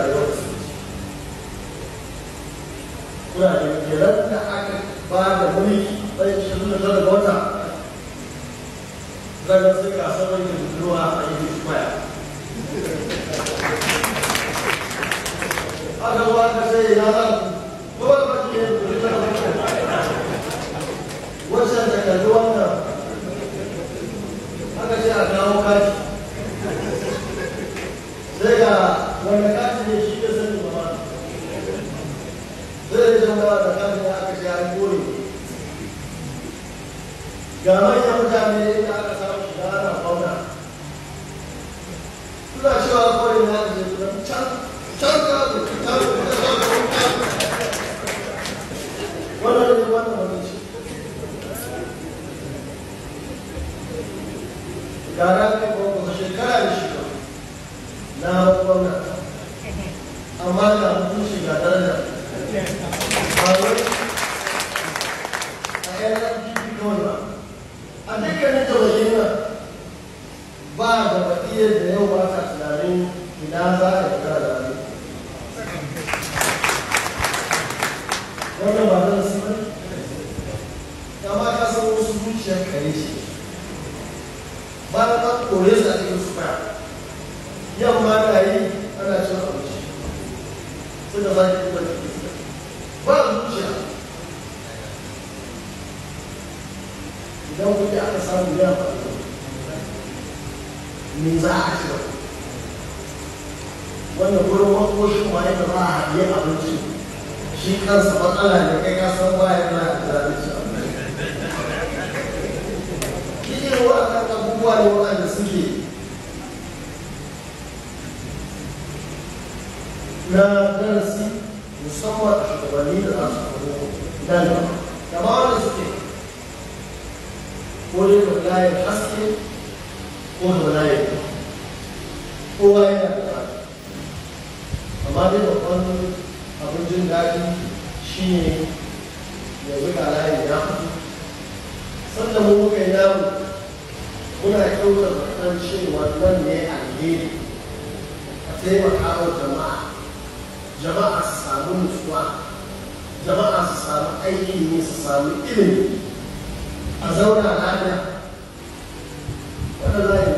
rayuwar su da aka ba da a yi ba kawo والمكان اللي شيء بس المرات درجة مرات كان هناك شيء يقولي قام يرجع من إلى أكثر شجارة فونا كل شيء أقول إن هذا يقول شن شن قالوا ولا اللي وانا ما بيجي قال لك شكرا لشكرا لا أقول Amma amana mutunci ga daraja ba wai a yan rafi kawai ba a dukkanin tawajen nan ba da bakiyar da yau ba ta tunanin ina za a yi kara zaɓe wannan ba zan su ba kama ka san wasu zuciyar kare shi ba na ɗan kore su a cikin su ba suna ba shi kuma ba zuciya idan kuɗi aka samu yawa ba me za a ci wannan wurin makoshin waye da za a haɗe abinci shi kansa matsala ne kai ka san waye na da abinci shi a waɗannan abubuwa ne waɗanda suke na darasi musamman a shugabanni da za su faru nan da ba da suke ko dai da layar haske ko da layar kowa yana da amma dai babban abin jin daɗi shi ne yanzu ga layin ya fito sannan mu muka yi namu muna kyautar kan cewa nan ne alheri a taimaka wa jama'a jama'a su samu nutsuwa jama'a su samu aikin ne su samu ilimi a zauna lafiya waɗanda